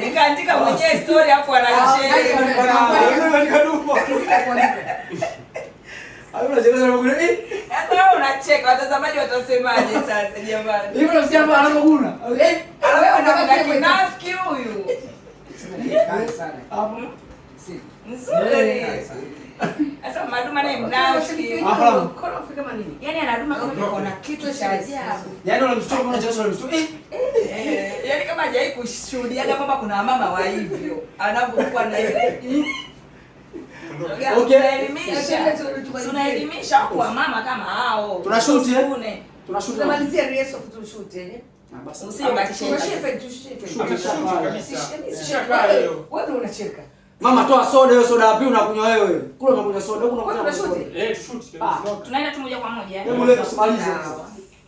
nikaandika mwenyewe oh. ah, unacheka, watazamaji watasemaje sasa jamani? Eh, eh, huyu nzuri. Sasa Maduma naye mnafiki Yaani wale mshtuko mmoja wale mshtuko. Eh, eh, eh, eh. Yaani kama hajai kushuhudia kwamba kuna mama wa hivyo. Anapokuwa na ile. Hmm. Okay. Tunaelimisha yaani kwa mama kama hao. Tunashuti eh? Tunashuti. Tunamalizia reels tunashuti eh? Ah, mama toa soda hiyo soda wapi unakunywa wewe? Kule unakunywa soda huko unakunywa. Eh, tushuti. Ah. Tunaenda tu moja kwa moja. Hebu leo tusimalize.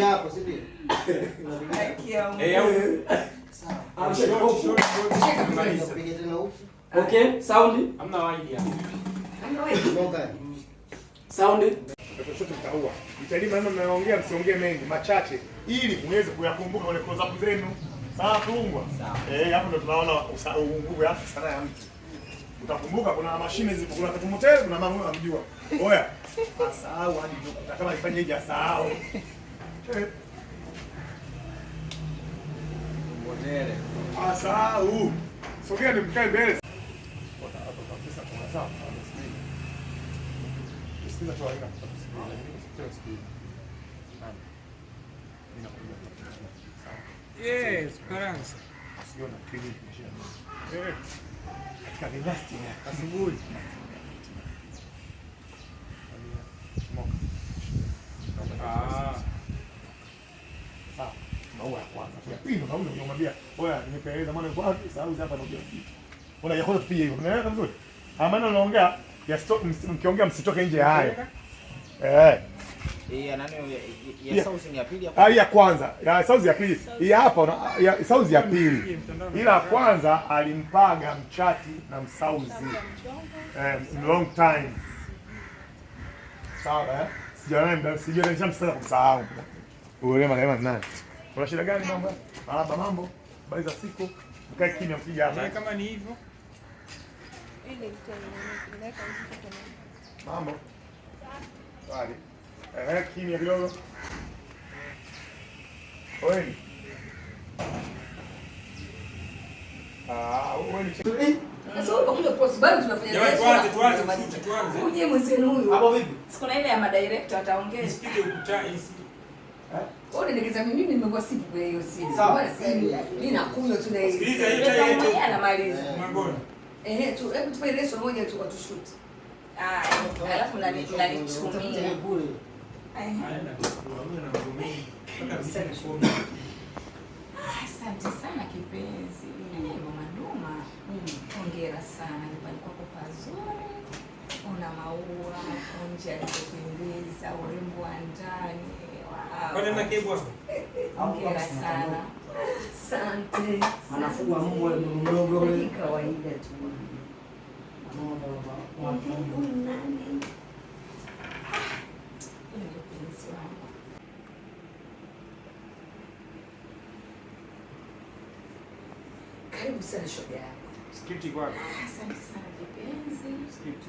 hapo, msiongee mengi, machache ili muweze kuyakumbuka wale close up zenu. Sawa tungwa. Eh, hapo ndo tunaona nguvu ya sanaa ya mtu. Utakumbuka kuna mashine zipo, kuna kitu moteli, kuna mama mjua. Oya. Asahau hadi ndio kama ifanye hivi asahau. Asahau. Sogea ni mkae mbele. Yes, Karanza. Asubuhi. Ah ya kwanza. Ya pili ndio ule unamwambia, "Oya, nimepeleza maana kwa wapi? Sahau hapa na kitu." Una ya kwanza tupige hivyo. Unaelewa vizuri? Amana unaongea ya stop mkiongea msitoke nje hayo. Eh. eh. Ya nani ya sauzi ya pili ya ah, ya kwanza. Ya sauzi ya pili. Ya hapa ya sauzi ya pili. Ila kwanza alimpaga mchati na msauzi. Eh, long time. Sawa eh? Sijaona mda, sijaona nishamsahau kumsahau. Uelewa maana nani? Kuna shida gani mambo? Alaba mambo. Habari za siku. Mkae kimya mkija hapa. Kama ni hivyo. Ile mambo. Wale. Eh, kimya kidogo. Oi. Ah, oeni. Eh? Sasa unakuja mwenzenu huyu. Hapo vipi? Siku na ile ya madirector ataongea. Isipige ukutani. Eh? Unaelekeza mimi nimekuwa sipo kwa hiyo simu. Bora simu. Mimi nakunywa tu na hiyo. Sikiliza hiyo yetu. Anamaliza. Mwangoni. Eh, tu hebu tupe leso moja tu atushuti. Ah, alafu na nanitumia bure. Asante sana kipenzi. Mama Duma. Hongera sana. Nyumbani kwako pazuri. Una maua, onja ya urembo wa ndani anafugwa mbwa mdogo yule, kawaida tu. Karibu sana shoga yako. Skipti kwako. Ah, asante sana kipenzi. Skipti.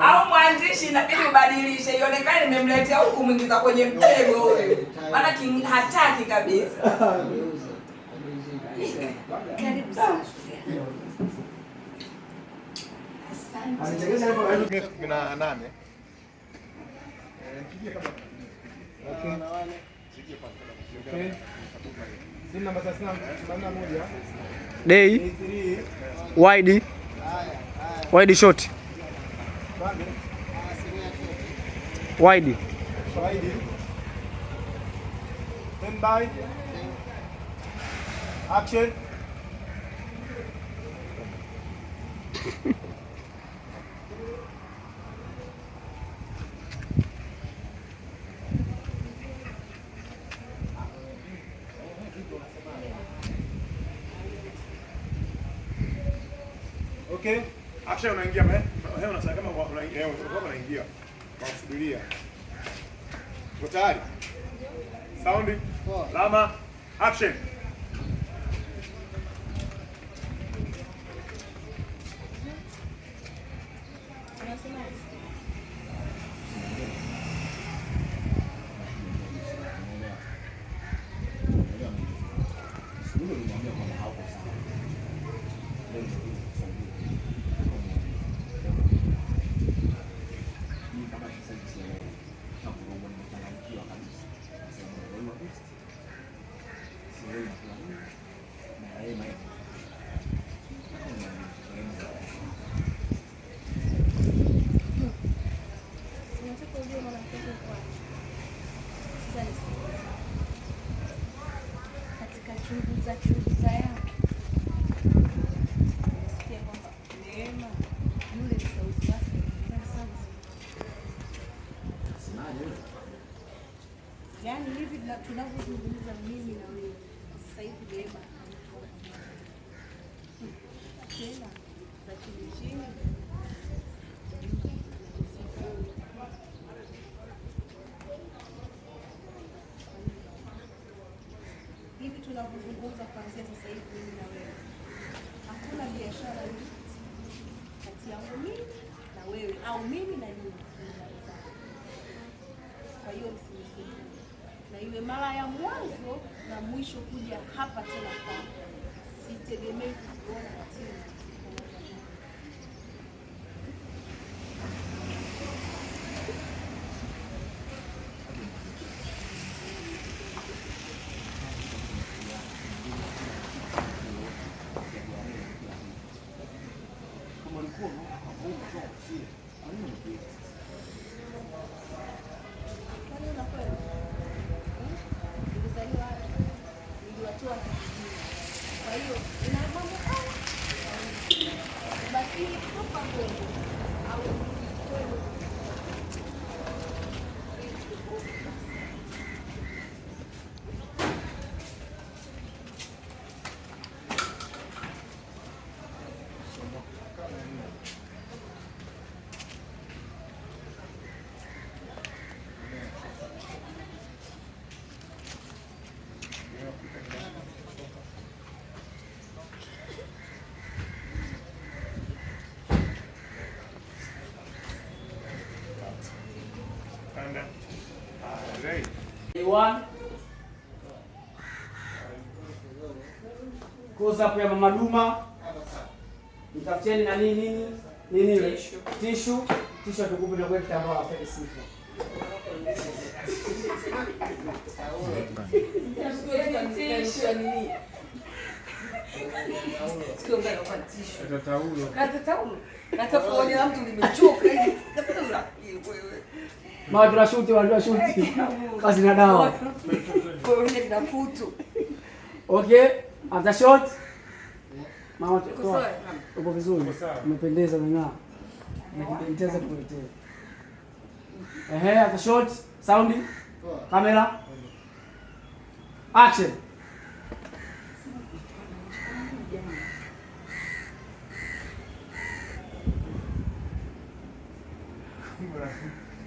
au mwandishi inabidi ubadilishe, ionekane nimemletea huku, mwingiza kwenye mtego huyu, maana hataki kabisa. kumi na nane dei wide wide short wide action Okay. Akisha unaingia hewa eh? na kama unaingia hewa kama unaingia. Kwa kusubiria. Uko tayari? Sound. Lama action. Unasema na tunavyozungumza mimi na wewe sasa hivi Neema tena za chini hivi tunavyozungumza kuanzia sasa hivi mimi na wewe, hakuna biashara kati yangu mimi na wewe au mimi na nyinyi. Kwa hiyo ni mara ya mwanzo na mwisho kuja hapa tena, sitegemei kuona tena. 1 close up ya Mama Duma, mtafutieni na nini nini nini ile tishu tishu, tukupe na kwa kitambaa cha sifa maana tunashuti wanajua shuti. Kazi na dawa. Kwa hiyo ndio futu. Okay, after shot. Mama tu. Uko vizuri. Umependeza mwana. Nakipendeza kuletea. Ehe, after shot, sound. Kamera. Action.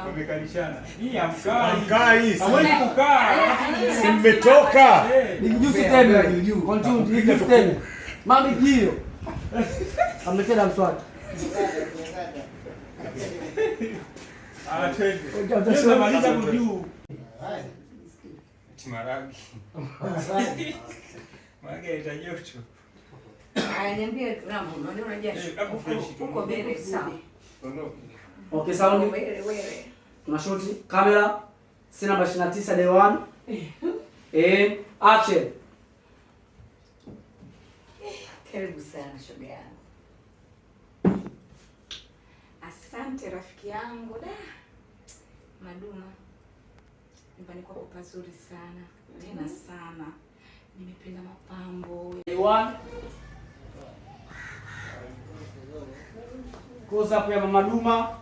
Wamekalishana. Hii hamkai. Hawezi kukaa. Mmetoka. Nikijusi tena. Nikijusi tena. Mami hiyo. Ametenda mswaki. Anatenda. Juu. Timaragi. Maragi ya joto. Aya, niambie Rambo, unajua eh, uko mbele sana. Okay, sound. Tunashuti kamera si namba 29 day 1. Eh, ache. Karibu sana shoga yangu. Asante rafiki yangu da. Maduma. Nyumbani kwako pazuri sana. Tena mm-hmm. sana. Nimependa mapambo. Day 1. Close up Mama Duma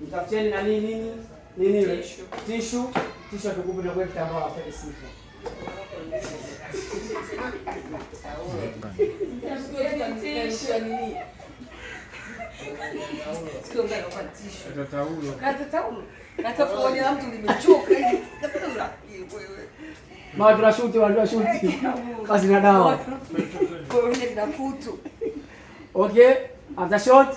mtafutieni na nini nini nini ile tishu tishu tukupe na kuweka kitambaa cha sifa. shuti kazi na dawa. Okay, after shot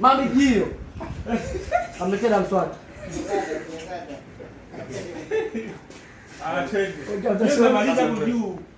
Mami jio. Ametenda mswaki. Anacheke. Ah, Unamaliza mjuu.